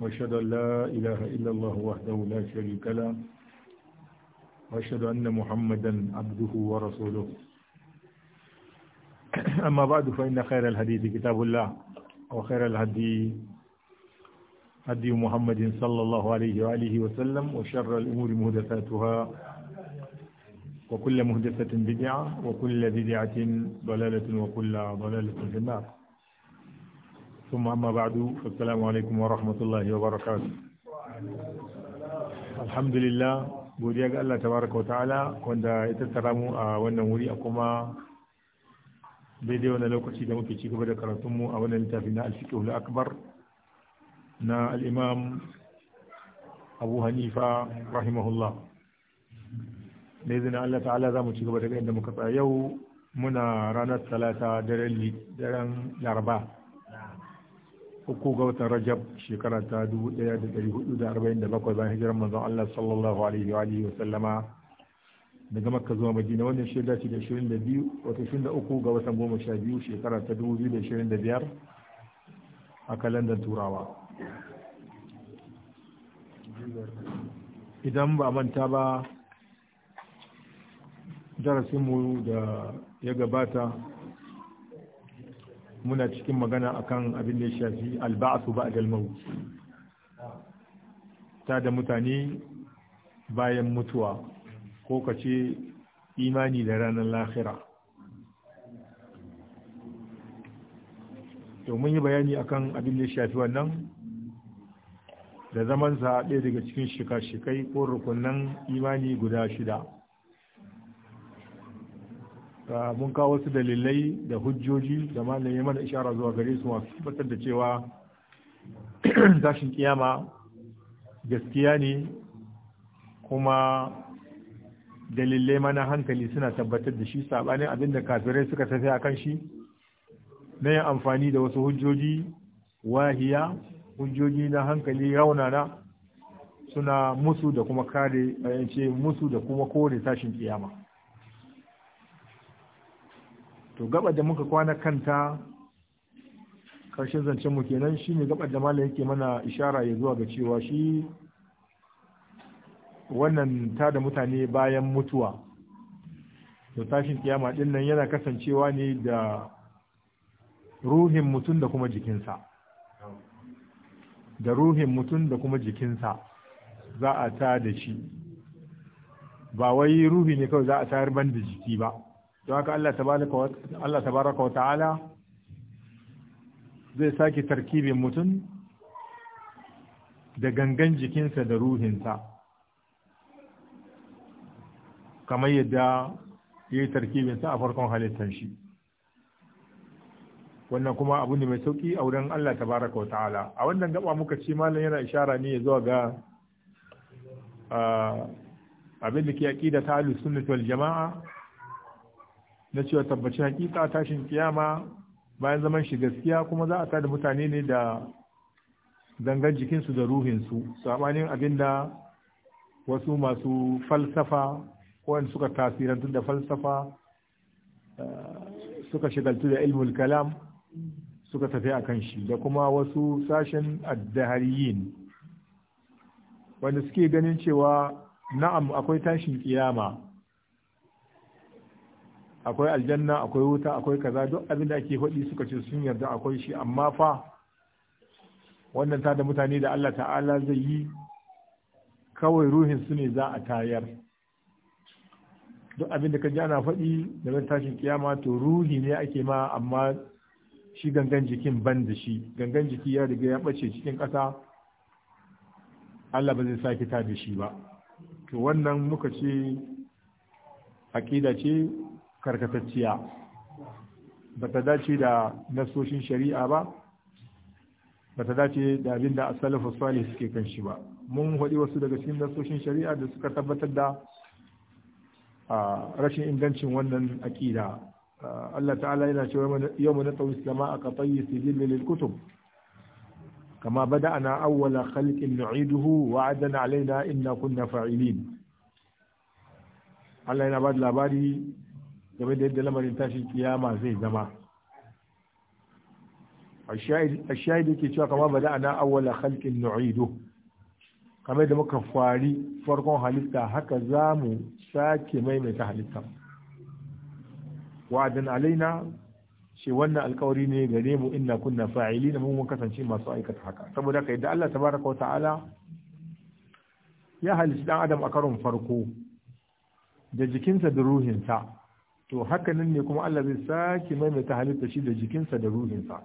وأشهد أن لا إله إلا الله وحده لا شريك له وأشهد أن محمدا عبده ورسوله أما بعد فإن خير الحديث كتاب الله وخير الهدي هدي محمد صلى الله عليه وآله وسلم وشر الأمور مهدثاتها وكل مهدثة بدعة وكل بدعة ضلالة وكل ضلالة في النار ثم أما بعد فالسلام عليكم ورحمة الله وبركاته الحمد لله godiya ga Allah tabaraka wa ta'ala wanda ya tattara mu a wannan wuri a kuma daidai wannan lokaci da muke cigaba da karatun mu a wannan littafi na al-fiqh akbar na al-imam Abu Hanifa rahimahullah da izinin Allah ta'ala za mu ci gaba daga inda muka tsaya yau muna ranar talata daren laraba uku ga watan rajab shekara ta 1447 bayan hijirar manzon Allah sallallahu alaihi wa alihi wa sallama daga makka zuwa madina wannan shirya ce da 22 wata 23 ga watan 12 shekara ta 2025 a kalandar turawa idan ba manta ba darasinmu da ya gabata muna cikin magana akan abin da ya shafi ba a dalmau. ta da mutane bayan mutuwa ko kace imani da ranar lahira to yi bayani akan abin da ya shafi wannan da zaman ɗaya daga cikin shika-shikai ko rukunan imani guda shida Ah, mun kawo wasu dalilai da hujjoji da malam mana ishara zuwa gare su masu tabbatar da cewa tashin kiyama gaskiya ne kuma dalilai mana hankali suna tabbatar da shi sabanin abin da kafirai suka tafi akan shi na yin amfani da wasu hujjoji wahiya hujjoji na hankali raunana suna musu da kuma kare eh, musu da kuma kore tashin kiyama to gaba da muka kwana kanta karshen zancen mu kenan ne gaba da malam yake mana ishara ya zuwa ga cewa shi wannan ta da mutane bayan mutuwa to tashin kiyama din nan yana kasancewa ne da ruhin mutum da kuma jikinsa da ruhin mutum da kuma jikinsa za a ta da shi ba wai ruhi ne kawai za a tayar ban da jiki ba don haka Allah tabaraka wa ta'ala zai sake tarkibin mutum da gangan jikinsa da ruhinsa kamar yadda ya yi tarkibinsa a farkon halittar shi wannan kuma abu ne mai sauki a wurin Allah tabaraka wa ta'ala a wannan gaba muka ce malam yana ishara ne ya zuwa ga ah, abin da ke aƙida ta alusunnatu sunnatul jama'a na cewa tabbaci hakika tashin kiyama bayan zaman shi gaskiya kuma za a tada mutane ne da gangan jikinsu da ruhinsu sabanin abinda wasu masu falsafa wanda suka tasirantu da falsafa eh, suka shigaltu da ilmul kalam suka tafi a kan shi da kuma wasu sashen addahariyin wanda suke ganin cewa na'am akwai tashin kiyama akwai aljanna akwai wuta akwai kaza duk abinda da ake faɗi suka ce sun yarda akwai shi amma fa wannan ta da mutane da Allah ta'ala zai yi kawai ruhin su ne za a tayar duk abin da ka ji ana faɗi da ran tashin kiyama to ruhi ne ake ma amma shi gangan jikin ban da shi gangan jiki ya riga ya ɓace cikin ƙasa Allah ba zai sake ta da shi ba to wannan muka ce aƙida ce karkatacciya ba ta dace da nasoshin shari'a ba ba ta dace da abin da asalafu salih suke kan shi ba mun haɗi wasu daga cikin nasoshin shari'a da suka tabbatar da rashin ingancin wannan aƙida Allah ta'ala yana cewa yau mu natawi sama a kafayi sijil lil kutub kama bada ana awwala khalqin nu'iduhu wa'adan alaina inna kunna fa'ilin Allah yana ba da labari game da yadda lamarin tashin kiyama zai zama a shahidi ke cewa kama ba da ana awwala halkin nu'idu kamar da muka fari farkon halitta haka za mu sake maimaita halitta wa'adan alaina ce wannan alkawari ne gare mu inna kunna fa'ili na mun kasance masu aikata haka saboda ka yadda Allah tabaraka wa ta'ala ya halitta dan adam a karon farko da jikinsa da ruhinsa to hakanan ne kuma Allah zai sake maimaita halitta shi da jikinsa da ruhinsa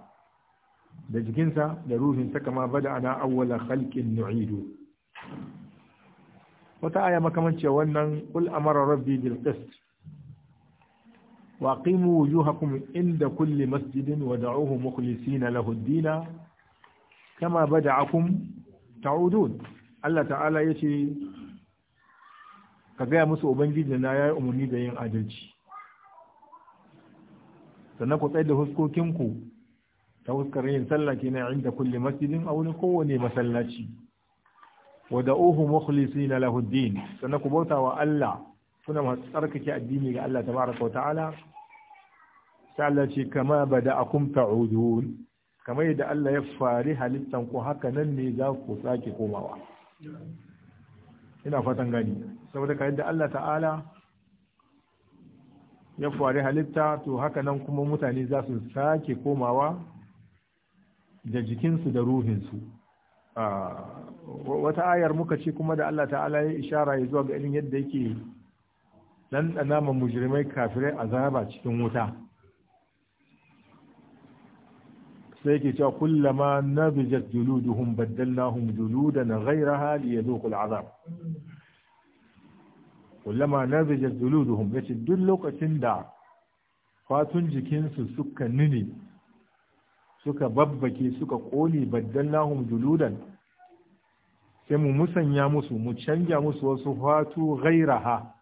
da jikinsa da ruhinsa kama bada ana awwala khalqin nu'idu wata aya makamanci wannan qul amara rabbi bil qist wa aqimu wujuhakum inda kulli masjidin wa da'uhu mukhlisina lahu ad-din kama bada'akum ta'udun Allah ta'ala yace ka gaya musu ubangiji na yayi umarni da yin adalci sannan ku tsaye da huskokinku ta huskar yin sallah kenan inda kulle masjidin a wani kowane masallaci wa da'uhu mukhlisina lahu din sannan ku bauta wa Allah kuna masu tsarkake addini ga Allah tabaraka wa ta'ala sai Allah ce kama akum ta'udun kama yadda Allah ya fari halittan ku haka nan ne za ku sake komawa ina fatan gani saboda ka yadda Allah ta'ala ya fari halitta to haka nan kuma mutane za su sake komawa da jikinsu da ruhinsu wata ayar muka ce kuma da Allah ta'ala ya ishara ya zuwa ga irin yadda yake ɗanɗana ma mujrimai kafirai azaba cikin wuta sai ke cewa kullama nabijat na gairaha liya ghayraha kula azab kullama nazija zuluduhum yace duk lokacin da fatun jikinsu suka nini suka babbake suka ƙone baddallahum duludan sai mu musanya musu mu canja musu wasu fatu ha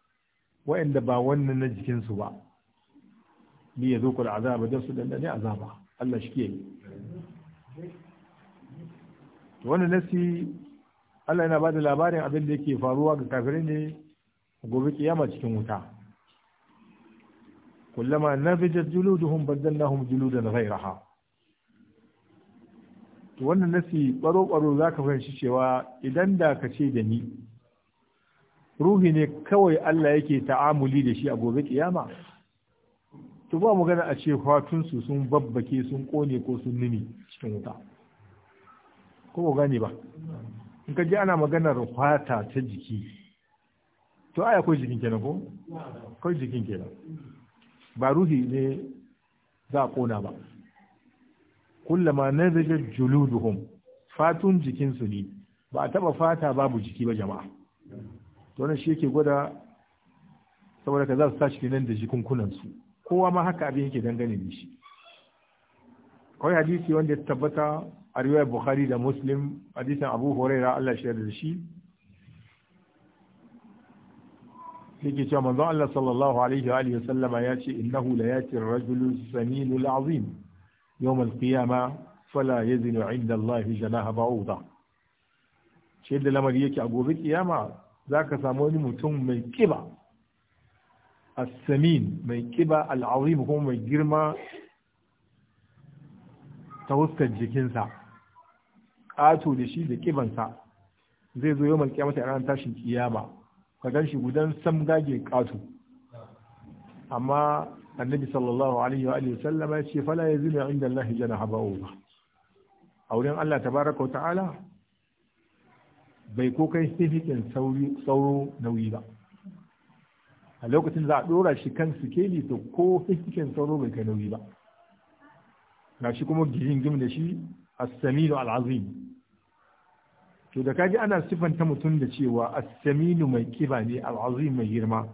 wa'anda ba wannan na jikinsu ba Ni li yazuqul azaba don su dandane azaba Allah shi ke wannan nasi Allah yana da labarin abin da yake faruwa ga kafirai ne gobe kiyama cikin wuta kullama nabijat juluduhum badalnahum juludan ghayraha to wannan nasi baro baro zaka fahimci cewa idan da ka ce da ni ruhi ne kawai Allah yake ta'amuli da shi a gobe kiyama to ba mu gana a ce su sun babbake sun kone ko sun nini cikin wuta ko gane ba in ka ji ana maganar fata ta jiki to aya akwai jikin kenan ko akwai jikin kenan ba ruhi ne za a kona ba kullama nazaja juluduhum fatun jikinsu ne ba a taba fata babu jiki ba jama'a to wannan shi yake gwada saboda ka za su tashi nan da su kowa ma haka abin yake dangane da shi kawai hadisi wanda ya tabbata a riwayar bukhari da muslim hadisin abu huraira allah shi da shi yake cewa manzon Allah sallallahu alaihi wa alihi sallama ya ce innahu la yati ar-rajulu saminul azim yawm al-qiyama fala yazinu 'inda Allah janaha ba'uda ce da lamari yake a gobe kiyama zaka samu wani mutum mai kiba as-samin mai kiba al-azim kuma mai girma ta huskar jikinsa ƙato da shi da kibansa zai zo yawon kiyamata a ranar tashin kiyama ka gan shi gudan sam gage amma annabi sallallahu alaihi wa alihi sallama ya ce fala yazina inda Allah janaha ba. a wurin Allah tabaraka ta'ala bai ko kai sifikin sauro nauyi ba a lokacin za a dora shi kan sikeli to ko sifikin sauro bai kai nauyi ba na shi kuma gijin gim da shi as-samilu al-azim to da kaji ana sifanta mutum da cewa as-saminu mai kiba ne al-azim mai girma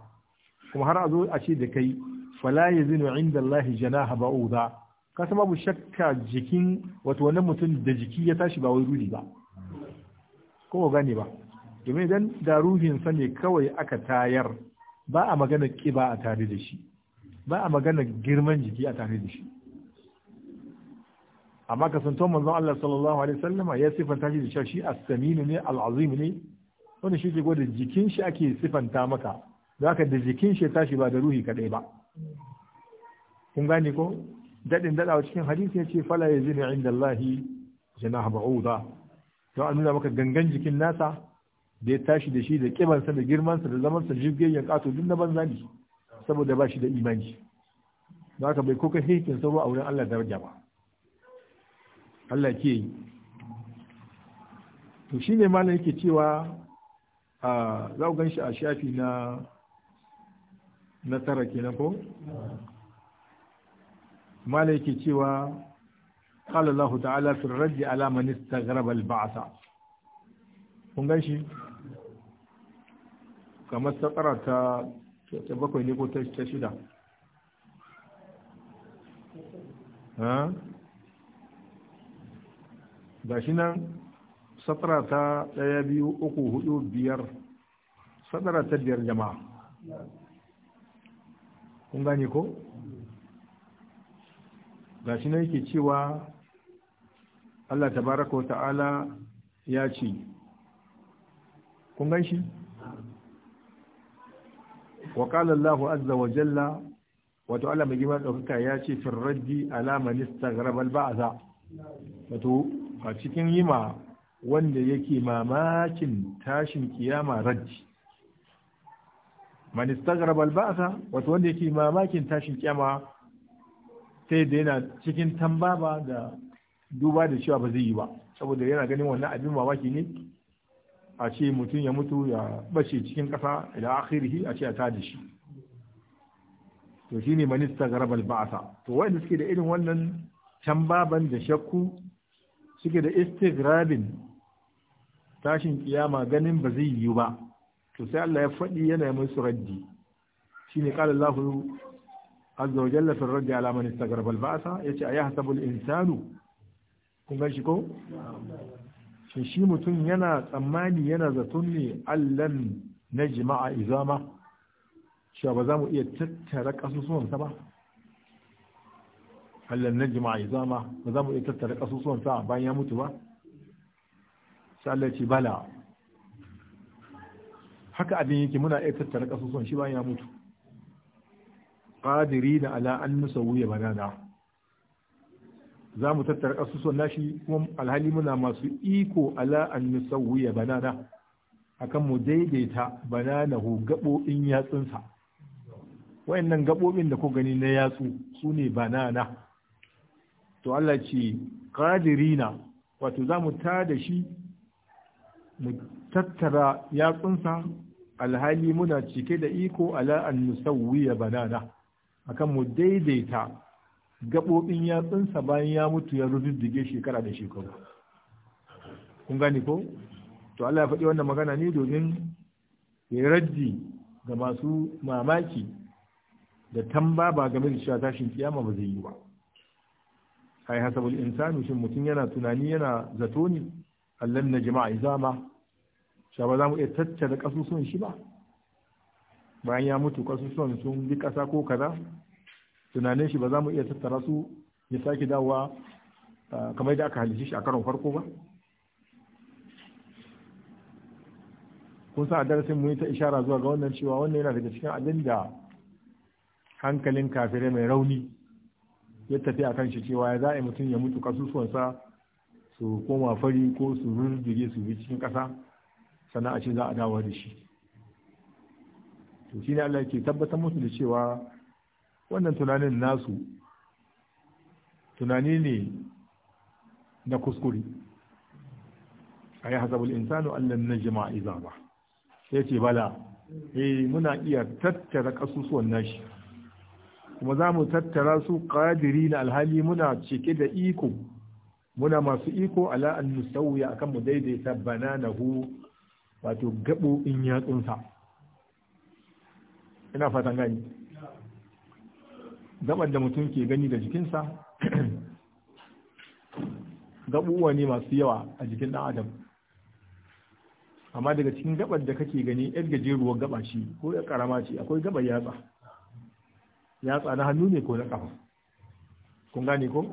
kuma har a zo a ce da kai fala yazinu inda Allah janaha ba'uda ka babu shakka jikin wato wannan mutum da jiki ya tashi ba wai ruhi ba ko gane ba domin idan da ruhin sa ne kawai aka tayar ba a magana kiba a tare da shi ba a magana girman jiki a tare da shi amma kasanto manzon Allah sallallahu alaihi wasallama ya sifanta shi da shi as-saminu ne al-azim ne wanda shi ke gwada jikin shi ake sifanta maka ka da jikin shi tashi ba da ruhi kadai ba kun gane ko dadin dadawa cikin hadisi ya ce fala zina inda Allah janaha ba'uda to an nuna maka gangan jikin nasa da ya tashi da shi da kibansa da girmansa da zamansa jirgin kato duk na banza ne saboda ba shi da imani zaka bai kuka hikin sabo a wurin Allah daraja ba Allah ke yi to shine malam yake cewa a za ku ganshi a shafi na na tara kenan ko malam yake cewa kala Allah ta'ala fi radd ala man istaghraba al-ba'sa kun ganshi kamar ta tsara ta ta bakwai ne ko ta shida gashi nan satara ta ɗaya biyu uku hudu biyar satara ta biyar jama'a kun gane ko gashi nan yake cewa Allah tabaraka wa ta'ala ya ce kun gan shi wa qala Allahu azza wa jalla wato Allah mai girma ya ce firraddi ala man ba'aza. wato a cikin yi ma wanda yake mamakin tashin kiyama rajji man ba'asa wato wanda yake mamakin tashin kiyama sai da yana cikin tambaba da duba da cewa ba zai yi ba saboda yana ganin wannan abin mamaki ne a ce mutum ya mutu ya bace cikin kasa ila akhirihi a ce a tada shi to shine man istagraba ba'asa. to wanda suke da irin wannan tambaban da shakku suke da istigrabin tashin kiyama ganin ba zai yiwu ba to sai Allah ya faɗi yana musu raddi shine qala Allah azza wa jalla fi raddi ala man istagraba al-ba'sa yace ayahsabu hasabul insanu kun ga shi ko shin shi mutum yana tsammani yana zaton ne allan jima'a izama cewa ba za mu iya tattara kasusuwan ba hallan najma zama ba za mu iya tattara kasusuwan sa bayan ya mutu ba sai Allah ce bala haka abin yake muna iya tattara kasusuwan shi bayan ya mutu qadiri da ala an nusawiya banana za mu tattara kasusuwan nashi kuma alhali muna masu iko ala an wuya banana akan mu daidaita bananahu gaɓoɓin yatsunsa wayannan gaɓoɓin da ku gani na yatsu su ne banana to Allah ce qadirina wato za mu ta da shi mu tattara yatsunsa alhali muna cike da iko ala an wuya banana akan mu daidaita gaɓoɓin yatsunsa bayan ya mutu ya rududdige shekara da shekaru kun gani ko to Allah ya faɗi wannan magana ne domin ya raddi ga masu mamaki da tamba ba game da cewa tashin kiyama ba zai yi ba ai hasabul insanu shin mutum yana tunani yana zato ne allan na jama'a izama sha ba za mu iya tattara kasusuwan shi ba bayan ya mutu kasusuwan sun bi kasa ko kaza tunanin shi ba za mu iya tattara su ya sake dawowa kamar da aka halice shi a karon farko ba kun sa a darasin mu ta ishara zuwa ga wannan cewa wannan yana daga cikin abin da hankalin kafirai mai rauni ya tafi akan shi cewa ya za a mutum ya mutu kasusuwansa su koma fari ko su rurrige su bi cikin ƙasa sannan a ce za a dawo da shi to shi ne Allah ke tabbatar musu da cewa wannan tunanin nasu tunani ne na kuskure a yi hasabul insanu allan na jima'a a izama. sai ce bala eh muna iya tattara kasusuwan nashi kuma za mu tattara su kadiri na alhali muna cike da iko muna masu iko ala an akan mu daidaita hu wato gabo in yatsunsa ina fatan gani gaban da mutum ke gani da jikinsa gabuwa ne masu yawa a jikin ɗan adam amma daga cikin gabar da kake gani yar gajeruwar gaba ce ko ya karama ce akwai gabar yatsa yatsa na hannu ne ko na kafa kun gane ko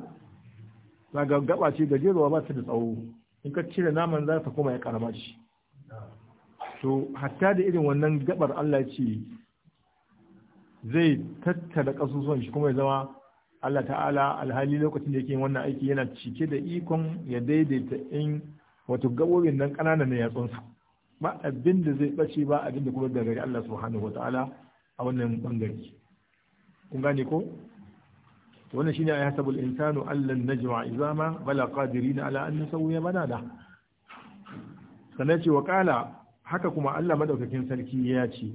ga gaba ce gajeruwa ba ta da tsawo in ka cire naman za ta koma ya karama shi to hatta da irin wannan gabar Allah ce zai tattara kasusuwan shi kuma ya zama Allah ta'ala alhali lokacin da yake yin wannan aiki yana cike da ikon ya daidaita in wato gaborin nan ƙananan ya tsunsa ba abin da zai bace ba abin da kuma daga Allah subhanahu wa ta'ala a wannan bangare kun gane ko wannan shine ay hasabul insanu allan najma izama bala qadirina ala an nasawiya banana sannan ce wa kala haka kuma Allah madaukakin sarki ya ce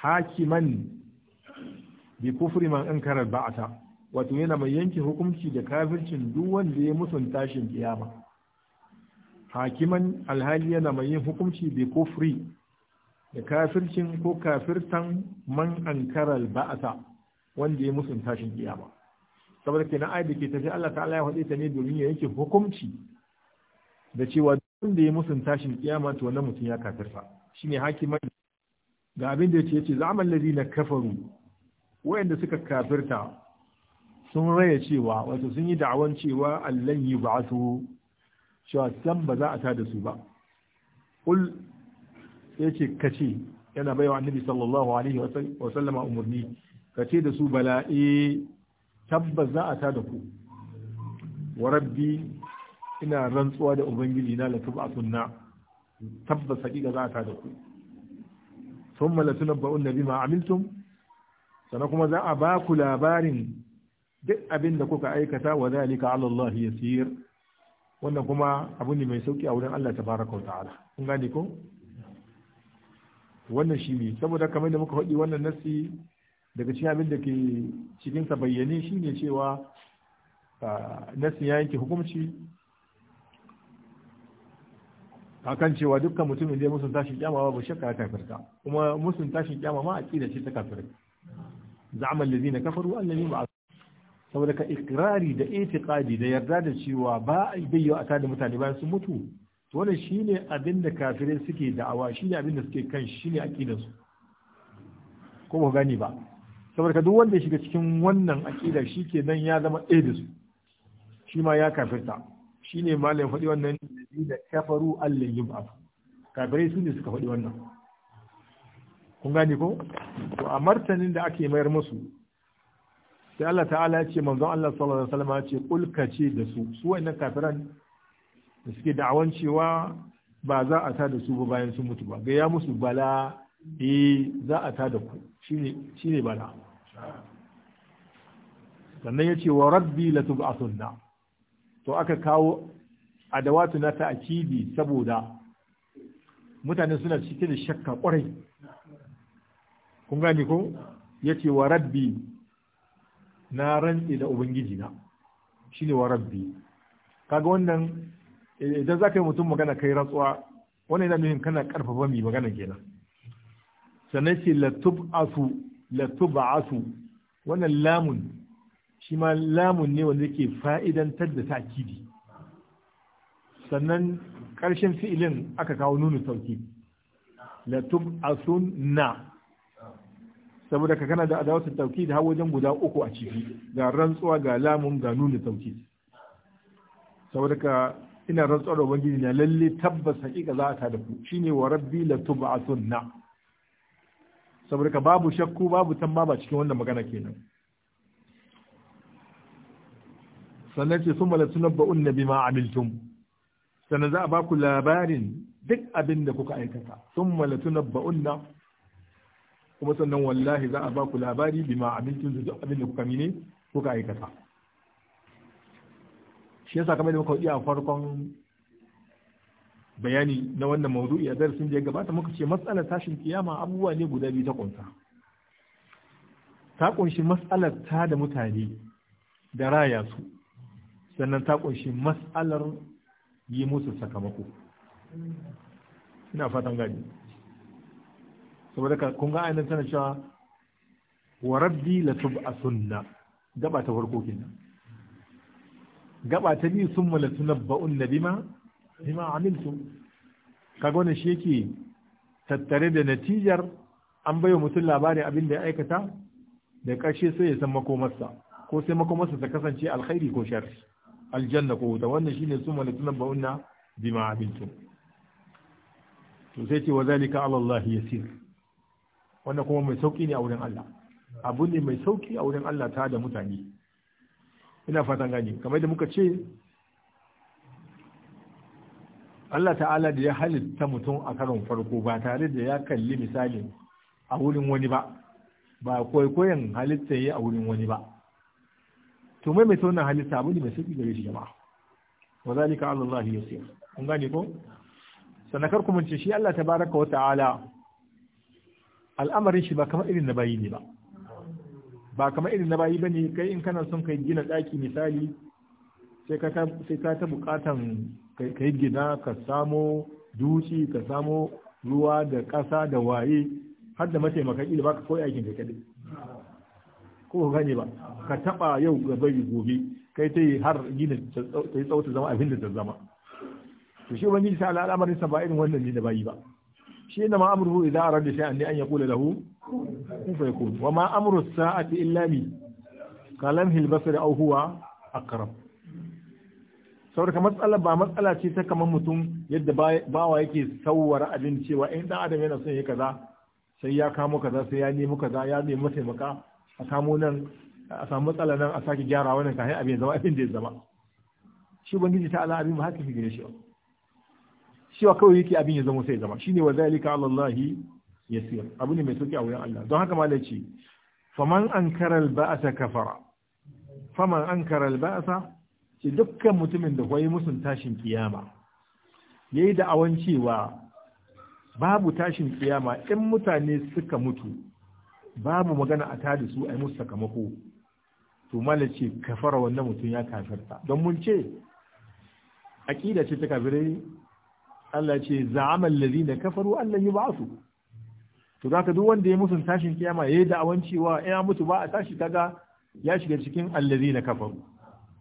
hakiman bi kufri man ankara ba'ata wato yana mai yanke hukunci da kafircin duk wanda ya musunta shin kiyama hakiman alhali yana mai yin hukunci bi kufri da kafircin ko kafirtan man ankaral ba'asa wanda ya musun tashin kiyama saboda kenan ai da ke tafi Allah ta'ala ya faɗe ta ne domin ya yake hukunci da cewa wanda ya musun tashin kiyama to wannan mutum ya kafirta shine hakiman ga abin da yace yace za'amal ladina kafaru wayanda suka kafirta sun raya cewa wato sun yi da'awan cewa allan yub'athu cewa san ba za a da su ba sai ce kace yana baiwa annabi sallallahu alaihi wa sallama umarni kace da su bala'i tabbas za a tada ku wa rabbi ina rantsuwa da ubangiji na latub asunna tabbas hakika za a tada ku thumma latunabba'unna ma amiltum sannan kuma za a ba ku labarin duk abin da kuka aikata wa zalika ala Allah yasir wannan kuma abu ne mai sauki a wurin Allah tabaraka wa ta'ala kun gane ko wannan shi ne saboda kamar da muka faɗi wannan nasi daga cikin abin da ke cikinsa bayyane shi ne cewa nasi ya yanke A akan cewa dukkan mutumin da ya musun tashin kyama ba shakka ya kafirta kuma musun tashin kyama ma aqida ce ta kafirta za'amal ladina kafaru annabi ba saboda ka ikrari da itiqadi da yarda da cewa ba a bayyana a tada mutane bayan sun mutu to wannan shine abin da kafirai suke da'awa shine abin da suke kan shine aqidar su ko ba gani ba saboda duk wanda ya shiga cikin wannan aqida nan ya zama ɗaya da su shi ma ya kafirta shine malam faɗi wannan da kafaru Allah yub'af kafirai su ne suka faɗi wannan kun gane ko to a martanin da ake mayar musu sai Allah ta'ala ya ce manzon Allah sallallahu alaihi wasallam ya ce kulka ce da su su wayannan kafiran da suke da'awan cewa ba za a da su ba bayan sun mutu ba gaya ya musu bala e, za a tada ku shi ne bala sannan ya ce wa rabbi la tub'athunna to aka kawo adawatu na akidi saboda mutane suna cike da shakka kwarai kun gane ko ce wa rabbi na rantse da ubangiji na ne wa rabbi kaga wannan Eh, idan za ka yi mutum magana kai ratsuwa wannan yana nufin kana karfafa mai magana kenan sannan ce latub'asu asu wannan lamun shi ma lamun ne wanda yake fa'idantar da takidi sannan ƙarshen fi'ilin aka kawo nunu sauki latub'asun na saboda ka kana da adawatar tauki da wajen guda uku a ciki ga rantsuwa ga lamun ga nuna sauki saboda ka ina rantsar da ubangiji na lalle tabbas haƙiƙa za a ta da ku ne wa rabbi la tub'atunna saboda ka babu shakku babu tamba ba cikin wannan magana kenan sannan ce sun summa ba'un na bima amiltum sannan za a ba ku labarin duk abin da kuka aikata Sun summa ba'un na? kuma sannan wallahi za a ba ku labari bima amiltum duk abin da kuka mine kuka aikata shi yasa kamar da muka iya farkon bayani na wannan maudu'i a darasin da ya gabata muka ce matsalar tashin kiyama abubuwa ne guda biyu ta kunsa ta kunshi matsalar ta da mutane da raya su sannan ta kunshi matsalar yi musu sakamako ina fatan gani saboda ka kunga ga ainihin tana cewa wa rabbi la tub'asunna gaba ta farko kenan gaba ta biyu sun mala ba'un na bima bima amiltu ka wannan shi yake tattare da natijar an bayo mutum labarin abin da ya aikata da ƙarshe sai ya san makomarsa ko sai makomarsa ta kasance alkhairi ko shar aljanna ko wuta wannan shine sun mala ba'un na bima amiltu to sai ce wa zalika alallahi ya yasir wannan kuma mai sauki ne a wurin Allah abu ne mai sauki a wurin Allah ta da mutane ina fatan gani kamar da muka ce Allah ta'ala da ya halitta mutum a karon farko ba tare da ya kalli misali a wurin wani ba ba kwaikwayon halitta ya a wurin wani ba to mai mai tonan halitta abu ne mai sauki gare shi jama'a wa zalika Allah ya yusir kun gane ko sanakar kuma ce shi Allah tabaraka wa ta'ala al'amarin shi ba kamar irin na bayi ne ba ba kamar irin na bayi bane kai in kana son kai gina daki misali sai ka ta buƙatan ka yi gina ka samo duci ka samo ruwa da kasa da waye har da mataimakan ilimi baka koyi aikin da kadai ko ka gane ba ka taɓa yau gaba gobe kai ta yi har gina ta yi zama abin da ta zama to shi wani sai al'amarin sa ba irin wannan ne da bayi ba shi inda ma amruhu idza arada shay'an an yaqula lahu kun fa yakun wa ma amru as-sa'ati illa bi kalamhi al-basari aw huwa aqrab saboda matsala ba matsala ce ta kamar mutum yadda bawa yake sauwara abin cewa in dan adam yana son ya kaza sai ya kamo kaza sai ya nemi kaza ya nemi taimaka a kamo nan a samu matsala nan a sake gyara wannan kai abin zama abin da ya zama shi bangiji ta ala abin ba haka fi gare shi ba cewa kawai yake abin ya zama sai zama shine wa zalika alallahi yasir abu ne mai sauki a wurin Allah don haka malai ce faman ankara alba'asa kafara faman ankara alba'asa ce dukkan mutumin da kwayi musun tashin kiyama ya yi awan cewa babu tashin kiyama in mutane suka mutu babu magana a tada su a yi musu sakamako to mala ce kafara wannan mutum ya kafirta don mun ce aƙida ce ta kafirai Allah ce za'ama da kafaru an lan yub'asu to zaka duk wanda ya musun tashin kiyama yayi da'awan cewa ya mutu ba a tashi kaga ya shiga cikin da kafaru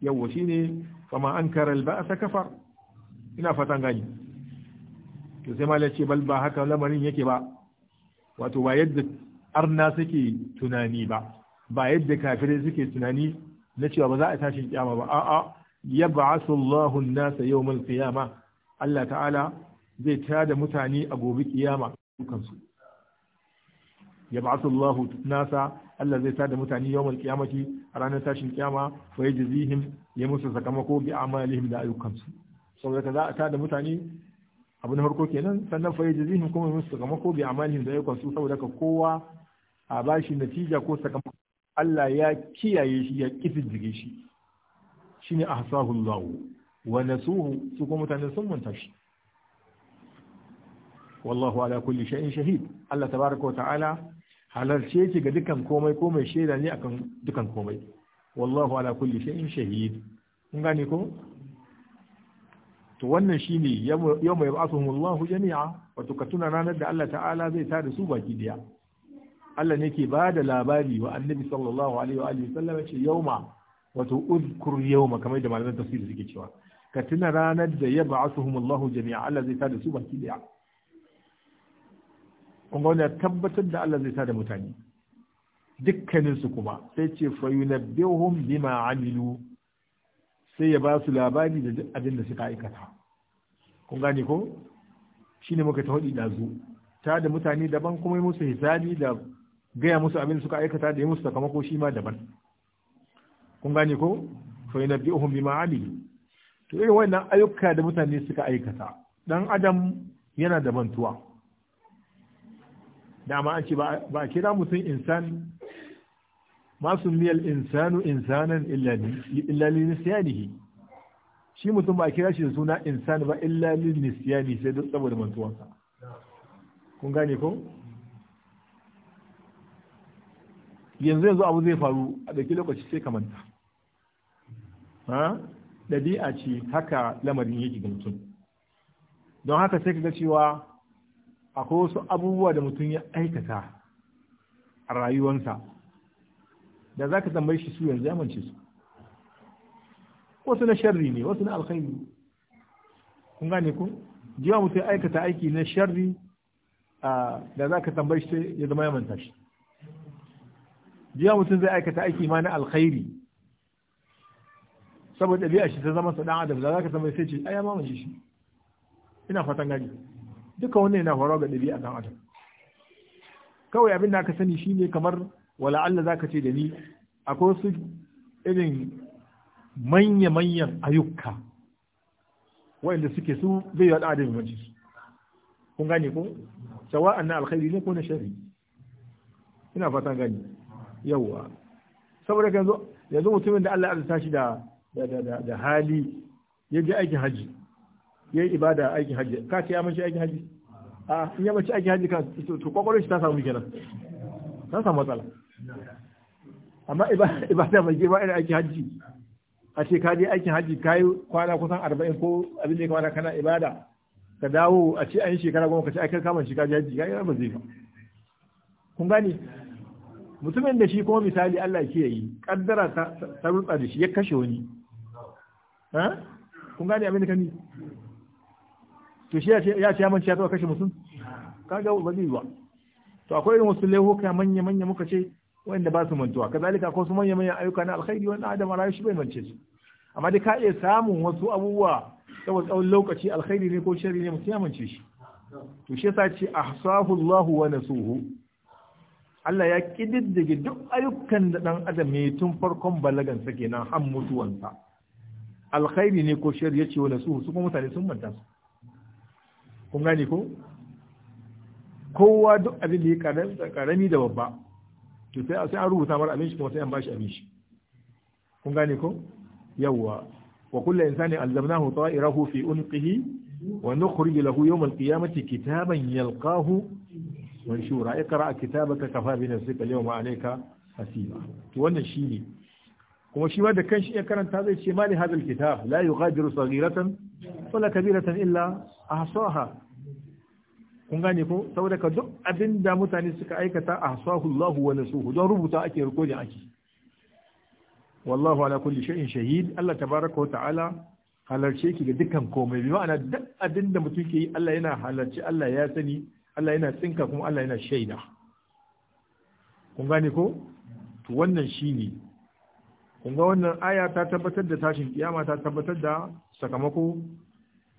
yawa shine kama ankara al-ba'sa kafar ina fatan gani to sai malai ce bal ba haka lamarin yake ba wato ba yadda arna suke tunani ba ba yadda kafirai suke tunani na cewa ba za a tashin kiyama ba a'a yab'asu Allahu an-nasa yawmal qiyamah Allah ta'ala zai tada mutane a gobe kiyama dukansu ya ba'atu Allah nasa Allah zai tada mutane yawmal qiyamati a ranar tashin kiyama fa yajzihim ya musu sakamako bi amalihim da ayyukansu saboda za a tada mutane abu na harko kenan sannan fa yajzihim kuma ya musu sakamako bi amalihim da ayyukansu saboda ka kowa a bashi natija ko sakamako Allah ya kiyaye shi ya kifin jige shi shine ahsahu Allah wa nasuhu su kuma mutane sun munta shi wallahu ala kulli shay'in shahid Allah tabaraka wa ta'ala halarce ki ga dukan komai komai shaida ne akan dukan komai wallahu ala kulli shay'in shahid kun gane ko to wannan shine yau mai ba'athuhumullahu jami'a wato ka tuna ranar da Allah ta'ala zai tada su baki daya Allah ne ke bada labari wa annabi sallallahu alaihi wa alihi sallam ce yauma wato uzkur yauma kamar da malaman tafsir suke cewa ka tuna ranar da ya su Allahu jami'a Allah zai tada su baki daya kun ga tabbatar da Allah zai tada mutane dukkanin su kuma sai ce fa yunabbihum bima amilu sai ya ba su labari da abin da suka aikata kun gane ko shine muka ta hudi zu ta da mutane daban kuma yi musu hisabi da gaya musu abin da suka aikata da yi musu sakamako shi ma daban kun gane ko fa yunabbihum bima amilu to irin wannan ayyuka da mutane suka aikata dan adam yana da mantuwa dama an ce ba a kira mutum insani masu miyal insanu insanan illali nisiyanihi shi mutum ba a kira shi da suna insani ba illali nisiyani sai don saboda mantuwansa kun gane ko yanzu yanzu abu zai faru a ɗauki lokaci sai ka manta ɗabi'a ce haka lamarin yake ga mutum don haka sai ka ga cewa akwai wasu abubuwa da mutum ya aikata a rayuwansa da za ka tambayi shi su yanzu yamance su wasu na sharri ne wasu na alkhairi kun gane ku jiwa mutum aikata aiki na sharri da za ka tambayi shi ya zama ya manta shi jiya mutum zai aikata aiki ma na alkhairi saboda ɗabi'a shi ta zama sa dan adam da zaka tambaye sai ce ai ya shi ina fatan gani duka wannan yana horo ga ɗabi'a dan adam kawai abin da aka sani shine kamar wala Allah zaka ce da ni akwai wasu irin manya-manyan ayyuka wanda suke su zai yi adam mace su kun gane ko sawa'an na alkhairi ne ko na shari ina fatan gani yawa saboda yanzu yanzu mutumin da Allah ya arzuta shi da da da, da, da hali ya je aiki haji ya yi ibada aiki haji ka ce ya mace aiki haji a in ya mace aiki haji ka to kwakwaro shi ta samu kenan ta samu matsala amma ibada mai girma irin aiki haji a ce ka je aiki haji ka yi kwana kusan arba'in ko abin da ya kamata kana ibada ka dawo a ce an shekara goma ka ce aikar kamar shi ka je haji ka yi ba zai ba kun gane mutumin da shi kuma misali Allah ke yi kaddara ta rutsa da shi ya kashe wani ha kun gane abin da kani to shi ya ce ya manci ya taba kashe mutum kaga ba zai ba to akwai irin wasu laihuka manya manya muka ce wanda ba su mantuwa kazalika akwai su manya manya ayyuka na alkhairi wanda adam rayu shi bai mance su amma dai ka iya samun wasu abubuwa saboda tsawon lokaci alkhairi ne ko shari ne mutum ya mance shi to shi yasa ce ahsahu Allah wa nasuhu Allah ya kididdige duk ayyukan da dan adam ya yi tun farkon balagansa kenan har mutuwansa alkhairi ne ko shari ya ce wa nasu su kuma mutane sun manta su kun gane ko kowa duk abin da ya karami da babba to sai sai an rubuta mar abin shi kuma sai an bashi abin shi kun gane ko yawwa wa kullu insani alzamnahu ta'irahu fi unqihi wa nukhrij lahu yawm alqiyamati kitaban yalqahu manshura iqra kitabaka kafa bi nafsika yawma alayka hasiba to wannan shine kuma shi ma da kanshi ya karanta zai ce mali hadal kitab la yughadiru saghiratan wala kabiratan illa ahsaha kun gane ko saboda ka duk abin da mutane suka aikata ahsahu Allah wa nasuhu don rubuta ake rikodin ake wallahu ala kulli shay'in shahid Allah tabaraka wa ta'ala halarce ki ga dukkan komai bi ma'ana duk abin da mutum ke yi Allah yana halarci Allah ya sani Allah yana tsinka kuma Allah yana shaida kun gane ko to wannan shine kun wannan aya ta tabbatar da tashin kiyama ta tabbatar da sakamako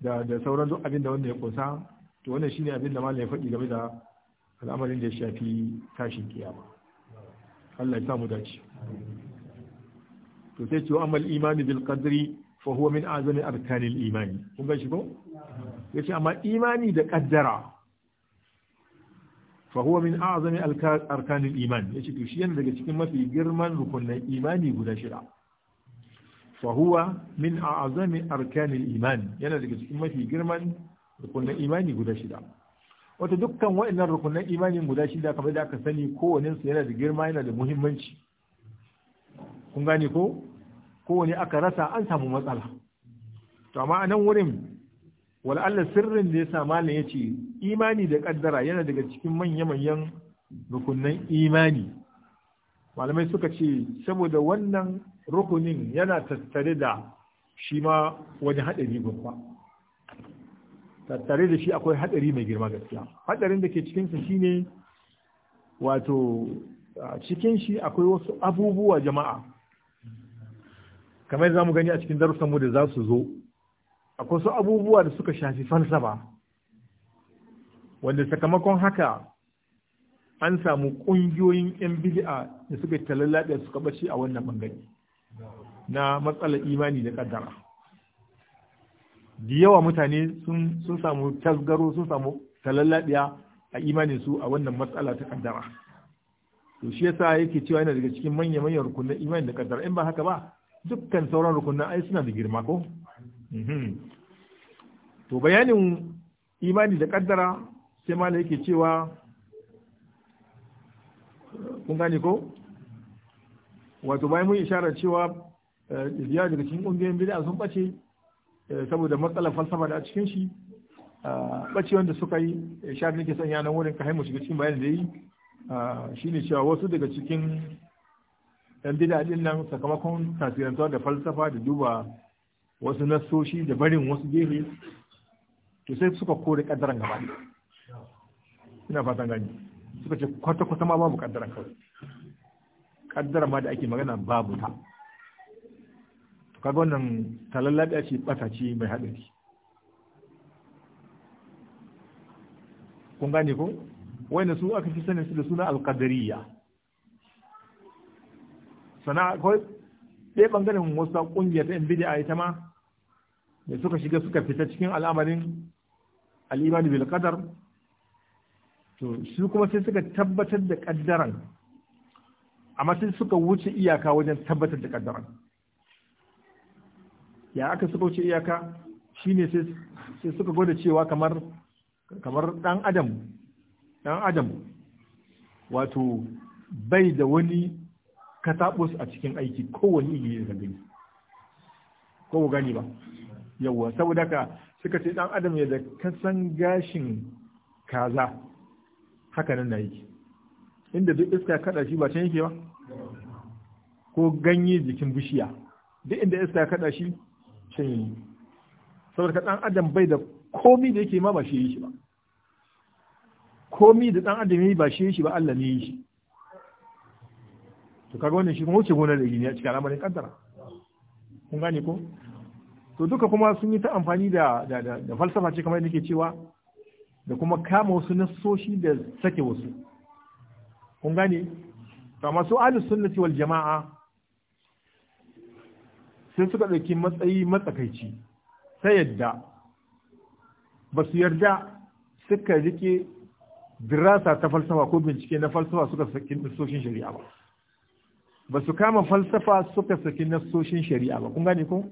da sauran duk abin da wanda ya kusa, to wannan shine abin da malam ya faɗi game da al'amarin da ya shafi tashin kiyama Allah ya samu dace to sai ce amal imani bil qadri fa huwa min azami arkanil imani kun ga shi ko yace amma imani da kaddara fa huwa min a'zami arkanil iman yace to shi yana daga cikin mafi girman rukunin imani guda shida fa huwa min a'zami arkanil iman yana daga cikin mafi girman rukunin imani guda shida wato dukkan wa'annan rukunin imani guda shida kamar da aka sani kowanne su yana da girma yana da muhimmanci kun gane ko kowane aka rasa an samu matsala to amma a nan wurin Allah sirrin da ya sa malami ya ce imani da kaddara yana daga cikin manya-manyan rukunan imani malamai suka ce saboda wannan rukunin yana tattare da shi ma wani haɗari babba tattare da shi akwai haɗari mai girma gaskiya haɗarin da ke cikinsa shine wato cikin shi akwai wasu abubuwa jama'a kamar za mu gani a cikin darussanmu da za su zo akwai su abubuwa da suka shafi falsafa wanda sakamakon haka an samu ƙungiyoyin 'yan bid'a da suka talallaɗa suka bace a wannan bangare na matsalar imani da ƙaddara da yawa mutane sun samu tasgaro sun samu talallaɗiya a imanin su a wannan matsala ta ƙaddara to shi yasa yake cewa yana daga cikin manya-manyan rukunin imani da ƙaddara in ba haka ba dukkan sauran rukunin ai suna da girma ko Mhm. to bayanin imani da kaddara sai ma yake cewa kun gane ko wato bayan mun ishara cewa ziyar eh, daga cikin ƙungiyar bid'a sun ɓace eh, saboda matsalar falsafa da a cikin shi ah, ɓace wanda suka yi eh, shafi nake sanya nan wurin ka mu shiga cikin bayanin da yi ah, shi ne cewa wasu daga cikin ɗan bid'a nan sakamakon tasirantuwa da falsafa da duba wasu nassoshi da barin wasu gefe to sai suka kore kaddaran gaba ina fatan gani suka ce kwata-kwata ma babu kaddaran kawai kaddara ma da ake magana babu ta To kaga wannan talallabiya ce bata ce mai haɗari kun gane ko na su aka fi sanin su da suna alkadariya sana akwai ɗaya ɓangaren wasu ƙungiyar ta yan bidiyar ita ma da suka shiga suka fita cikin al'amarin al'imani bil qadar to su kuma sai suka tabbatar da kaddaran amma sai suka wuce iyaka wajen tabbatar da kaddaran ya aka suka wuce iyaka shine sai suka gwada cewa kamar kamar dan adam dan adam wato bai da wani katabus a cikin aiki kowane iri gani ko gani ba yawwa saboda ka suka ce dan adam ya da kasan gashin kaza haka nan nayi inda duk iska kada shi ba can yake ba ko ganye jikin bishiya duk inda iska kada shi can yi saboda dan adam bai da komi da yake ma ba shi yi shi ba komi da dan adam yi ba shi yi shi ba Allah ne yi shi to kaga wannan shi kuma wuce gona da gini a cikin al'amarin kaddara kun gane ko to duka kuma sun yi ta amfani da da falsafa ce kamar yadda ke cewa da kuma kama wasu nassoshi da sake wasu kun gane to amma su ahlus sunnati wal jama'a sai suka ɗauki matsayi matsakaici sai yadda ba su yarda suka rike dirasa ta falsafa ko bincike na falsafa suka saki nassoshin shari'a ba ba su kama falsafa suka saki nassoshin shari'a ba kun gane ko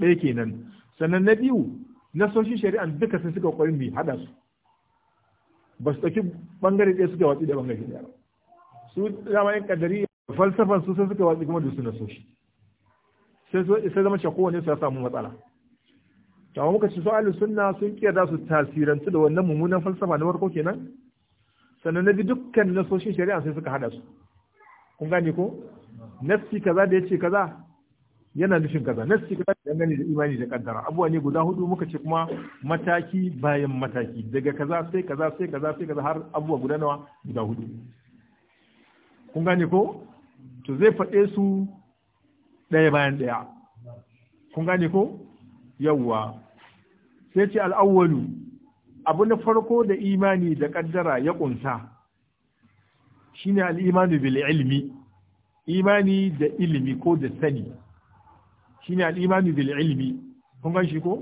ɗaya kenan sannan na biyu nasoshin shari'a duka sun suka kwarin bi hada su ba su ɗauki ɓangare ɗaya suka watsi da ɓangare ɗaya su zama yin kadari falsafan su sun suka watsi kuma da su nasoshi sai sai zama cewa kowane su ya samu matsala to amma muka ci su alu sunna sun kiyarda su tasirantu da wannan mummunan falsafa na farko kenan sannan na bi dukkan nasoshin shari'a sai suka hada su kun gane ko nafsi kaza da ya ce kaza yana nufin kaza na kaza dangane da imani da kaddara abuwa ne guda hudu muka ce kuma mataki bayan mataki daga kaza sai kaza sai kaza sai kaza har abuwa guda nawa guda hudu kun gane ko to zai faɗe su ɗaya bayan ɗaya kun gane ko yawwa sai ce al'awwalu abu na farko da imani da kaddara ya kunsa shine al'imanu bil ilmi imani da ilimi ko da sani shine al-imani da ilmi kun gan shi ko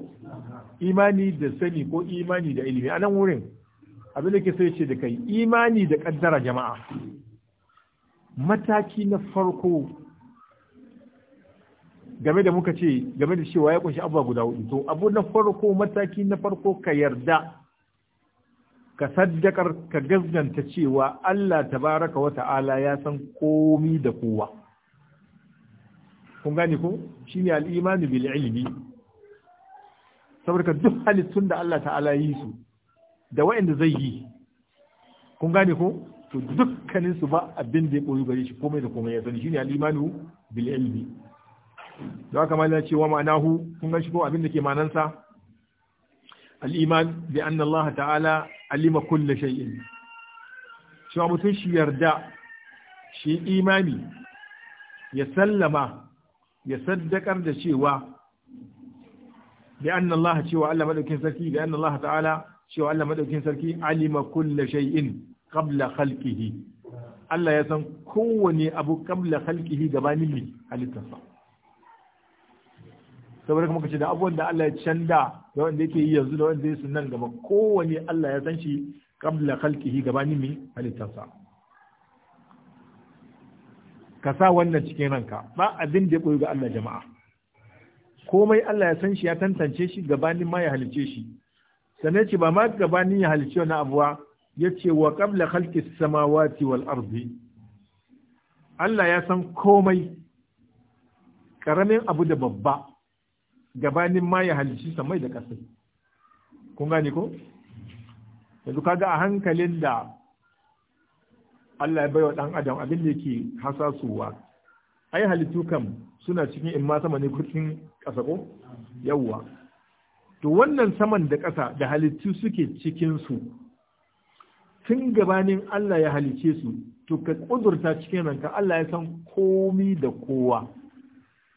imani da sani ko imani da ilmi anan wurin abin da ke sai ce da kai imani da kaddara jama'a mataki na farko game da muka ce game da cewa ya kunshi abubuwa guda hudu to abu na farko mataki na farko ka yarda ka saddakar ka gazganta cewa Allah tabaraka wa ta'ala ya san komi da kowa kun gane ko shine al-imanu bil ilmi saboda duk halittun da Allah ta'ala yi su da wa'anda zai yi kun gane ko to dukkanin su ba abin da ya koyi gare shi komai da komai ya sani shine al-imanu bil ilmi da haka mallan cewa ma'anahu kun ga shi ko abin da ke manansa al'iman da bi Allah ta'ala alima kulli shay'in cewa mutum shi yarda shi imani ya sallama ya saddakar da cewa da anna Allah cewa Allah madaukin sarki da Allah ta'ala cewa Allah madaukin sarki alima kulli shay'in qabla khalqihi Allah ya san kowane abu qabla khalqihi gabanin mi halittarsa saboda kuma kace da abubuwan da Allah ya canda da wanda yake yi yanzu da wanda yake sunan gaba kowane Allah ya san shi qabla khalqihi gabanin mi halittarsa ka sa wannan cikin ranka ba abin da ya koyi ga Allah jama'a komai Allah ya san shi ya tantance shi gabanin ma ya halice shi sanai ce ba ma gabanin ya halice wani abuwa ya ce wa qabla khalqi samawati wal ardi Allah ya san komai karamin abu da babba gabanin ma ya halici samai da ƙasa kun gane ko yanzu kaga a hankalin da Allah ya baiwa ɗan adam abin da yake hasasuwa ai halittu kam suna cikin in ma sama ne kurkin ƙasa ko yawwa to wannan saman da ƙasa da halittu suke cikin su tun gabanin Allah ya halice su to ka kudurta cikin ranka Allah ya san komi da kowa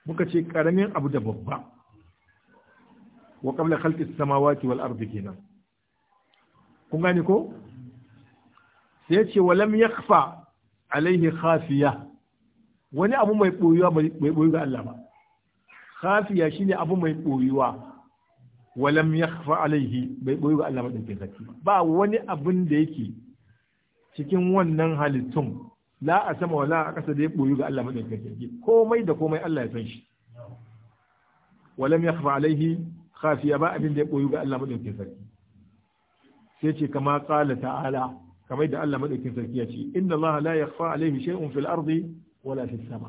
muka ce karamin abu da babba wa qabla khalqis samawati wal ardi kenan kun gane ko sai ya ce walam ya kafa alaihi khafiya wani abu mai boyuwa mai boyu ga Allah ba khafiya shine abu mai boyuwa walam ya kafa alaihi bai boyu ga Allah madaukakin zaki ba wani abun da yake cikin wannan halittun la a sama wala a ƙasa da ya boyu ga Allah madaukakin zaki komai da komai Allah ya san shi walam ya kafa alaihi khafiya ba abin da ya boyu ga Allah madaukakin zaki sai ce kama qala ta'ala kamar da Allah madaukin sarki ya ce inna Allah la yakhfa alayhi shay'un fil ardi wala fis sama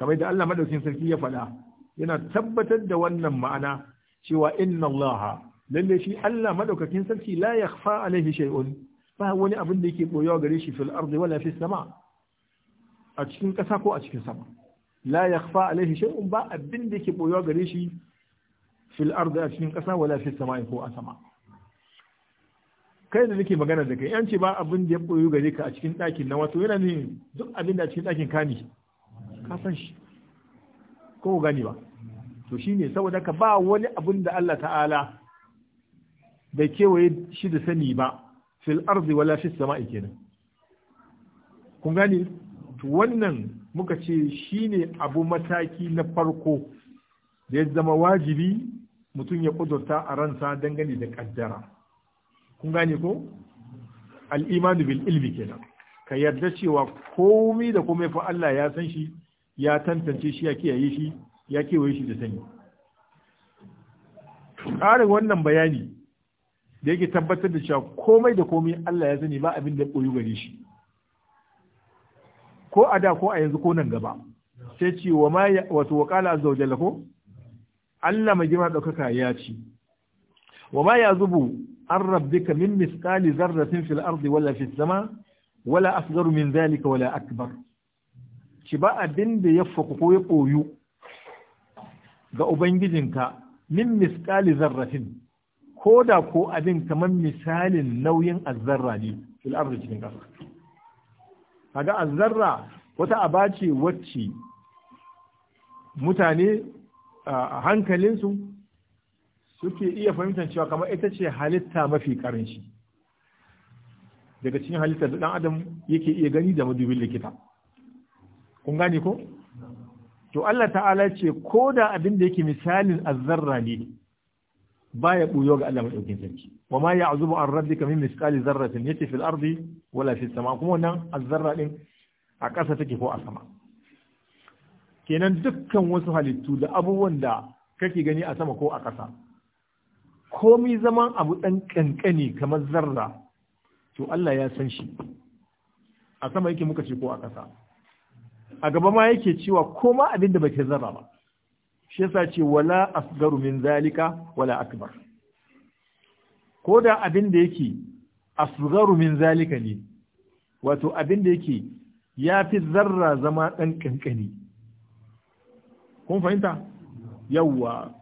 kamar da Allah madaukin sarki ya faɗa yana tabbatar da wannan ma'ana cewa inna Allah lalle shi Allah madaukakin sarki la yakhfa alayhi shay'un ba wani abin da yake boyewa gare shi fil ardi wala fis sama a cikin ƙasa ko a cikin sama la yakhfa alayhi shay'un ba abin da yake boyewa gare shi fil ardi a cikin ƙasa wala fis sama ko a sama kai da nake magana da kai yanci ba abin da ya boyu gare ka a cikin ɗakin na wato yana ne duk abin da a cikin ɗakin ka ne ka san shi ko ba to shine saboda ka ba wani abin da Allah ta'ala bai kewaye shi da sani ba fil ardi wala fis sama'i kenan kun gane. to wannan muka ce shine abu mataki na farko da ya zama wajibi mutum ya kudurta a ransa dangane da kaddara kun gane ko al'imanu bil ilmi kenan ka yarda cewa komai da komai fa Allah ya san shi ya tantance shi ya kiyaye shi ya kewaye shi da sani ƙarin wannan bayani da yake tabbatar da cewa komai da komai Allah ya sani ba abin da koyu gare shi ko a da ko a yanzu ko nan gaba sai ce wa ma wato wa qala azza wajalla ko Allah mai girma daukaka ya ci wa ma yazubu an rabbika min misqali zarratin fil ardi wala fis wala asgaru min zalika wala akbar shi ba abin da ya faku ko ya koyu ga ubangijinka min misqali zarratin ko da ko abin kamar misalin nauyin azarra ne fil ardi cikin kasa kaga azzarra wata aba ce wacce mutane a hankalinsu suke iya fahimtar cewa kamar ita ce halitta mafi karanci daga cikin halitta da dan adam yake iya gani da madubin likita kun gane ko to Allah ta'ala ce ko da abin da yake misalin azzarra ne baya buyo ga Allah madaukin sarki wa ma ya'zubu an rabbika min misqali zarratin yati fil ardi wala fis sama kuma nan azzarra din a ƙasa take ko a sama kenan dukkan wasu halittu da abubuwan da kake gani a sama ko a ƙasa komai zaman abu ɗan ƙanƙani kamar zarra to Allah ya san shi a sama yake muka ce ko a ƙasa a gaba ma yake cewa koma abin da bake zarra ba shi yasa ce wala asgaru min zalika wala akbar ko da abin da yake asgaru min zalika ne wato abin da yake ya fi zarra zama ɗan ƙanƙani kun fahimta yawwa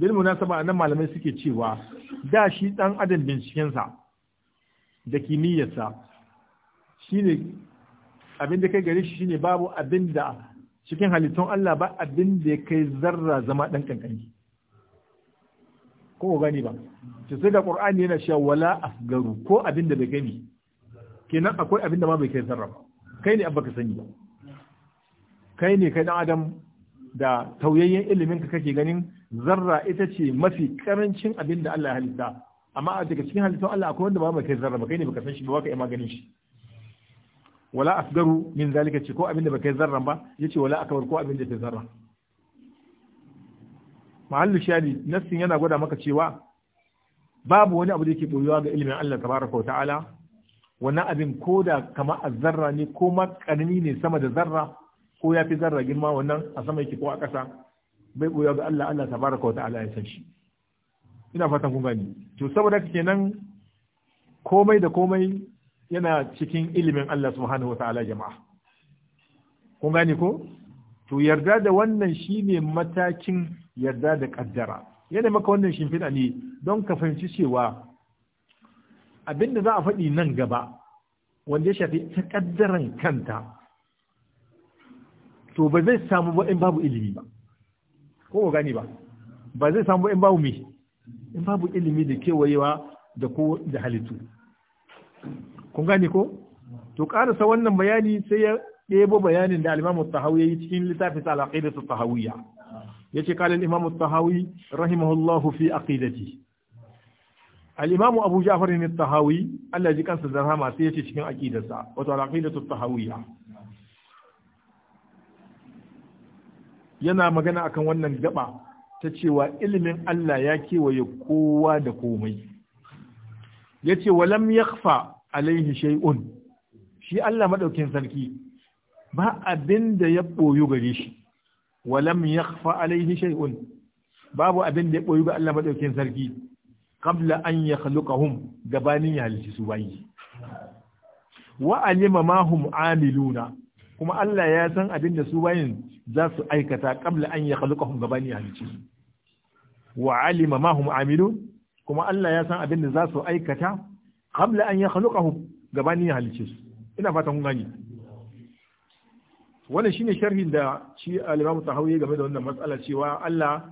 bil munasaba nan malamai suke cewa da shi dan adam bincikensa da kimiyyarsa shine abin da kai gare shi shine babu abin da cikin halittun Allah ba abin da ya kai zarra zama dan kankani ko gani ba to sai da qur'ani yana cewa wala asgaru ko abin da bai gani kenan akwai abin da ma bai kai zarra ba kai ne abba ka sani ba kai ne kai dan adam da tauyayyen ilimin ka kake ganin zarra ita ce mafi karancin abin da Allah ya halitta amma a daga cikin halittun Allah akwai wanda ba mai kai zarra ba kai ne baka san shi ba baka iya maganin shi wala asgaru min zalika ce ko abin da baka yi zarra ba yace wala akbar ko abin da ta zarra mahallu shadi nassin yana gwada maka cewa babu wani abu da yake boyuwa ga ilimin Allah tabaraka wa ta'ala wannan abin ko da kama a zarra ne ko ma ne sama da zarra ko ya fi zarra girma wannan a sama yake ko a ƙasa bai goya ga Allah Allah tabaraka wa ta'ala ya san shi ina fatan kun gani to saboda kenan komai da komai yana cikin ilimin Allah subhanahu wa ta'ala jama'a kun gani ko to yarda da wannan shine matakin yarda da kaddara yana maka wannan shimfiɗa ne don ka fahimci cewa abinda za a faɗi nan gaba wanda ya shafi ta kaddaran kanta to ba zai samu ba in babu ilimi ba ko ba gani ba ba zai samu in babu me in babu ilimi da kewayewa da ko da halittu kun gani ko to karasa wannan bayani sai ya ɗebo bayanin da al-Imam tahawi yayi cikin litafin sa tahawiyya yace qala al-Imam tahawi rahimahullahu fi aqidati al-Imam Abu Ja'far at-Tahawi Allah ji kansa da rahama sai ce cikin aqidarsa wato al tahawiyya yana magana akan wannan gaba ta cewa ilimin Allah ya kewaye kowa da komai Ya yace walam kafa alaihi shay'un shi Allah maɗaukin sarki ba abin da ya ɓoyu gare shi walam kafa alaihi shai'un. babu abin da ya ɓoyu ga Allah maɗaukin sarki qabla an yakhluqahum gabanin ya halici su bayi wa alima ma hum amiluna kuma Allah ya san abin da su bayin za su aikata qabla an yakhluqahum gabani halice su wa alima ma hum amilun kuma Allah ya san abin da za su aikata qabla an yakhluqahum gabani halice su ina fatan kun gani wannan shine sharhin da shi al-Imam Tahawi game da wannan matsala cewa Allah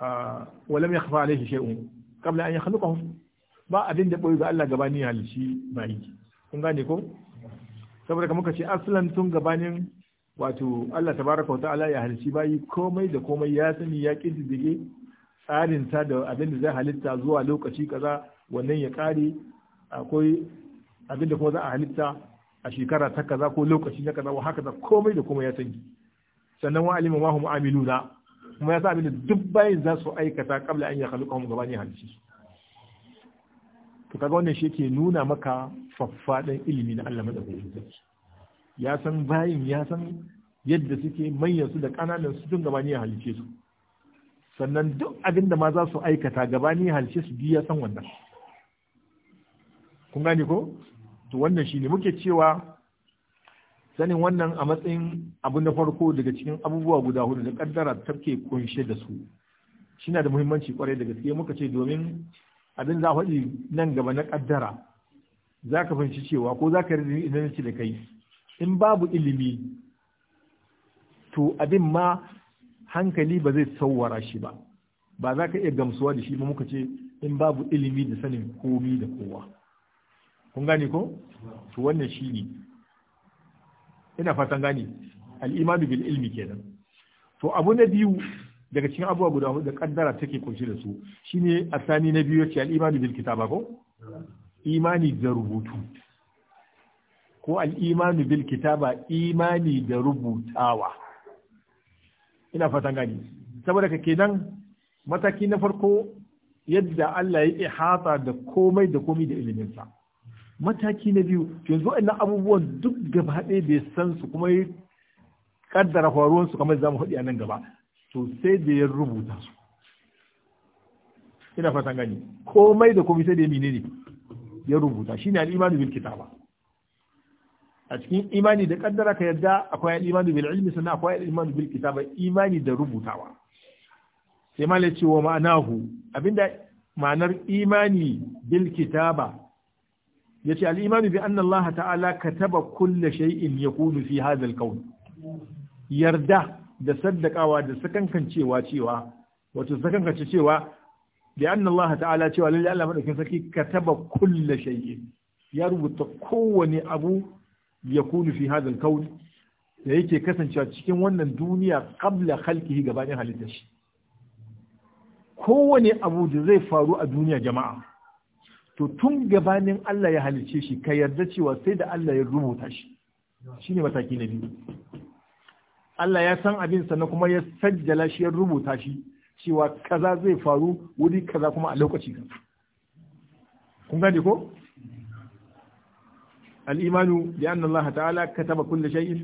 wa lam yakhfa alayhi shay'un qabla an yakhluqahum ba abin da boye ga Allah gabani halici bai kun gane ko saboda kamar ka ce aslan tun gabanin wato Allah ta baraka wa ta'ala ya halici bayi komai da komai ya sani ya kididdige tsarin ta da abin da zai halitta zuwa lokaci kaza wannan ya ƙare akwai abin da kuma za a halitta a shekara ta kaza ko lokaci na kaza wa haka da komai da komai ya sani sannan wa alimu ma hum amiluna kuma ya sa abin da duk bayin za su aikata kabla an ya khalqahum gabani halici to kaga wannan shi ke nuna maka faffaɗan ilimi na Allah madaukakin sarki ya san bayin ya san yadda suke su da ƙananan su tun gabani ya halice su sannan duk abin da ma za su aikata gabani ya halice su biyu san wannan kun gane ko to wannan shi ne muke cewa sanin wannan a matsayin abu na farko daga cikin abubuwa guda hudu da kaddara ta ke kunshe da su shi na da muhimmanci kwarai da gaske muka ce domin abin za faɗi nan gaba na kaddara za ka fahimci cewa ko za ka rinci da kai in babu ilimi to abin ma hankali ba zai tsawara shi ba ba za ka iya gamsuwa da shi ba muka ce in babu ilimi da sanin komi da kowa kun gane ko to wannan shi ne ina fatan gane al'imanu bil ilmi kenan to abu na biyu daga cikin abubuwa guda hudu da kaddara take kunshi da su shine asani na biyu ce al'imanu bil kitaba ko imani da rubutu ko al'imanu bil kitaba imani da rubutawa ina fatan gani saboda ka kenan mataki na farko yadda Allah ya ihata da komai da komai da iliminsa mataki na biyu yanzu ina abubuwan duk gaba ɗaya bai san su kuma ya kaddara faruwan su kamar zamu haɗi a nan gaba to sai da ya rubuta su ina fatan gani komai da komai sai da ya menene ya rubuta shine al-imanu bil kitaba a cikin imani da kaddara ka yadda akwai al-imani bil ilmi sannan akwai al-imani bil kitaba imani da rubutawa sai malai ce wa ma'anahu abinda ma'anar imani bil kitaba yace al-imani bi anna Allah ta'ala kataba kulli shay'in yakunu fi hadha al-kawn yarda da saddakawa da sakankancewa cewa wato sakankance cewa bi anna Allah ta'ala cewa lalle Allah madaukin sarki kataba kulli shay'in ya rubuta kowane abu yakunu fi hadha al da yake kasancewa cikin wannan duniya qabla khalqihi gabanin halitta shi kowane abu da zai faru a duniya jama'a to tun gabanin Allah ya halice shi ka yarda cewa sai da Allah ya rubuta shi shine mataki na biyu Allah ya san abin sannan kuma ya sajjala shi ya rubuta shi cewa kaza zai faru wuri kaza kuma a lokaci kaza kun gane ko al-imanu bi anna Allah ta'ala kataba kulli shay'in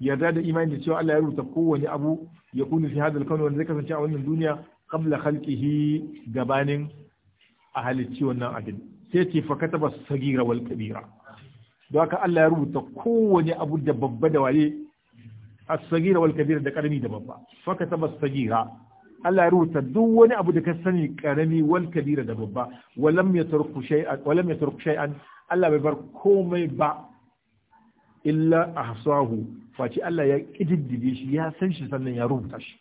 yarda da imani da cewa Allah ya rubuta kowane abu ya kunu fi hadal kawn wanda zai kasance a wannan duniya kabla khalqihi gabanin a halicci wannan abin sai ce fa kataba sagira wal kabira don haka Allah ya rubuta abu da babba da waye da babba fa Allah ya rubuta duk wani abu da ka sani karami wal kabira da babba walam yatarku shay'an walam yatarku shay'an Allah bai bar komai ba illa a ahsahu face Allah ya kididdige shi ya san shi sannan ya rubuta shi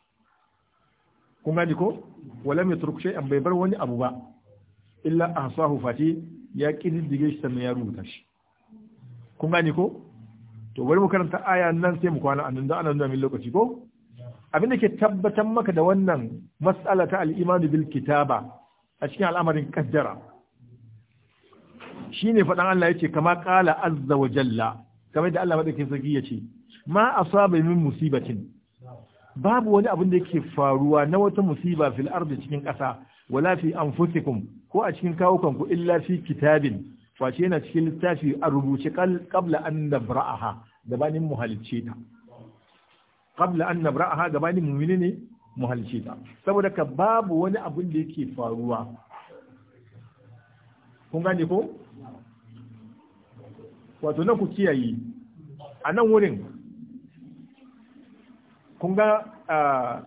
kun gani ko wala mai turku shay'an bai bar wani abu ba illa a ahsahu face ya kididdige shi sannan ya rubuta shi kun gani ko to bari mu karanta aya nan sai mu kwana annan da anan da min lokaci ko abin da ke tabbatar maka da wannan mas'ala ta al-imanu bil kitaba a cikin al'amarin kaddara Shi ne faɗan Allah yace kama qala azza wa jalla kamar da Allah madaukakin sarki ce. ma asaba min musibatin babu wani abin da yake faruwa na wata musiba fil cikin ƙasa wala fi anfusikum ko a cikin kawukan ku illa fi kitabin face yana cikin littafi a rubuce qabla an nabra'aha gabanin mu halicce ta qabla an nabra'aha gabanin mu ne mu halicce ta saboda ka babu wani abin da yake faruwa kun gane ko wato na ku kiyaye a nan wurin kunga ga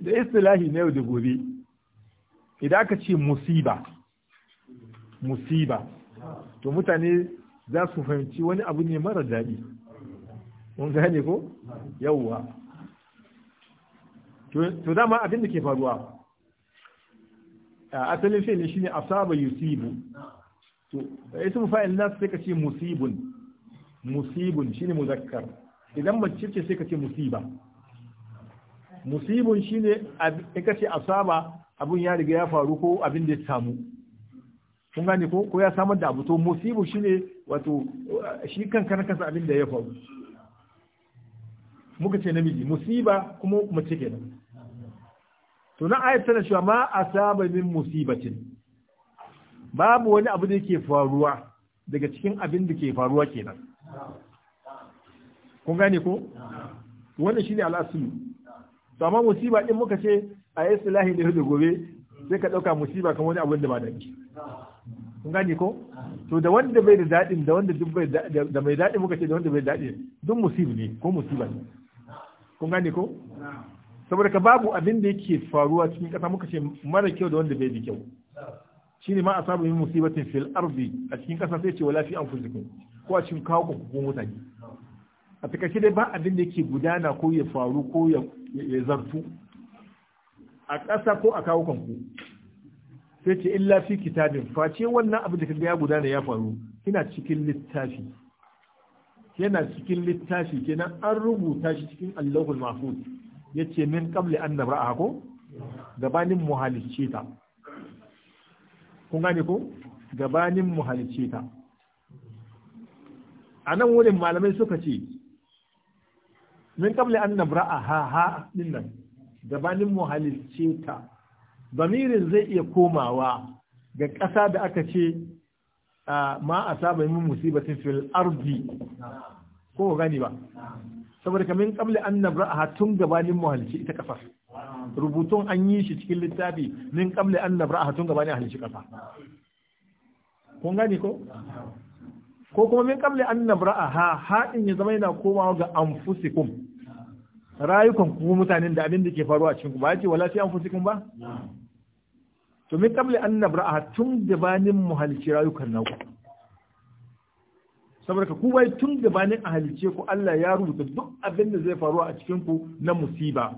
da istilahi na yau da gobe idan aka ce musiba musiba to mutane za su fahimci wani abu ne mara daɗi mun gane ko yauwa to dama abin da ke faruwa asalin shi shine asaba yusibu to ismu fa'il nas sai ka ce musibun musibun shine muzakkar idan mace ce sai ka ce musiba musibun shine in ka ce asaba abun ya riga ya faru ko abin da ya samu kun gane ko ko ya samar da abu to musibu shine wato shi kan kan kansa abin da ya faru muka ce namiji musiba kuma mace kenan to na ayat tana cewa ma asaba min musibatin babu wani abu da yake faruwa daga cikin abin da ke faruwa kenan kun gane ko wannan shine al'asulu to amma musiba din muka ce a islahi da da gobe sai ka dauka musiba kamar wani abu da ba daɗi kun gane ko to da wanda bai da dadin da wanda duk bai da mai daɗi muka ce da wanda bai da daɗi duk musibi ne ko musiba ne kun gane ko saboda ka babu abin da yake faruwa cikin ƙasa muka ce mara kyau da wanda bai da kyau ne ma a samu yin musibatin fil arzi a cikin kasa sai ce wala fi anfusikum ko a cikin kawo ku mutane a takaice dai ba abin da yake gudana ko ya faru ko ya zartu a ƙasa ko a kawo kanku sai ce illa fi kitabin face wannan abin da kaga ya gudana ya faru Kina cikin littafi yana cikin littafi kenan an rubuta shi cikin Allahul Mahfuz yace min qabli an nabra'a ko gabanin muhalicce ta kun gane ko gabanin mu halice ta a nan wurin malamai suka ce min kabla an nabra'a ha ha din nan gabanin mu halice ta bamirin zai iya komawa ga ƙasa da aka ce ma a saba min musibatin fil ardi ko gani ba saboda kamin kabla an nabra'a tun gabanin mu halice ita kafa rubutun an yi shi cikin littafi min kamle an nabra'a tun gabanin halishi kasa kun gani ko ko kuma min kamle an nabra'a ha in ya zama yana komawa ga anfusikum rayukan ku mutanen da abin da ke faruwa cikin ku ba yace wala sai anfusikum ba to min kamle an nabra'a tun gabanin mu halishi rayukan naku saboda ku bai tun gabanin a halice ku Allah ya rubuta duk abin da zai faruwa a cikin ku na musiba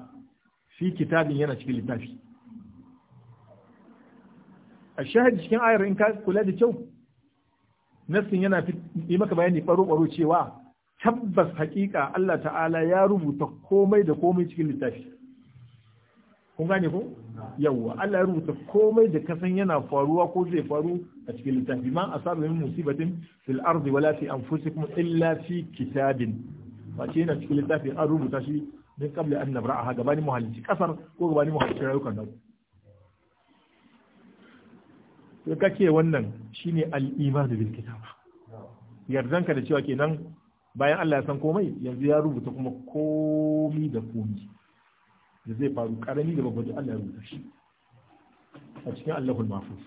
fi kitabin yana cikin littafi a shahadi cikin ayar in ka kula da kyau nassin yana yi maka bayani baro-baro cewa tabbas hakika Allah ta'ala ya rubuta komai da komai cikin littafi kun gane ko yawwa Allah ya rubuta komai da kasan yana faruwa ko zai faru a cikin littafi ma asabu min musibatin fil ardi wala fi anfusikum illa fi kitabin wace yana cikin littafi an rubuta shi min qabli an nabra'aha gabanin mu halicci kasar ko gabanin mu halicci rayukan nan to kake wannan shine al-imanu bil kitab yardanka da cewa kenan bayan Allah ya san komai yanzu ya rubuta kuma komi da komi da zai faru karami da babban Allah ya rubuta shi a cikin Allahul Mahfuz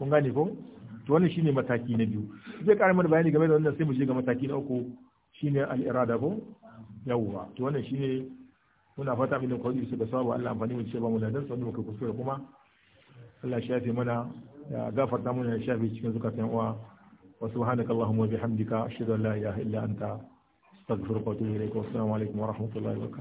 kun gane ko to wannan shine mataki na biyu zai ƙara mana bayani game da wannan sai mu je ga mataki na uku shine al-irada ko yawwa to wannan shine muna fata abin da kwaji su ga sabu Allah amfani mu ce ba mu da dan sanin muka kuskure kuma Allah shi yafe mana ya gafarta mana ya shafe cikin zukatan uwa wa subhanaka allahumma wa bihamdika ashhadu an la ilaha illa anta astaghfiruka wa atubu ilaik wa assalamu alaikum wa rahmatullahi wa barakatuh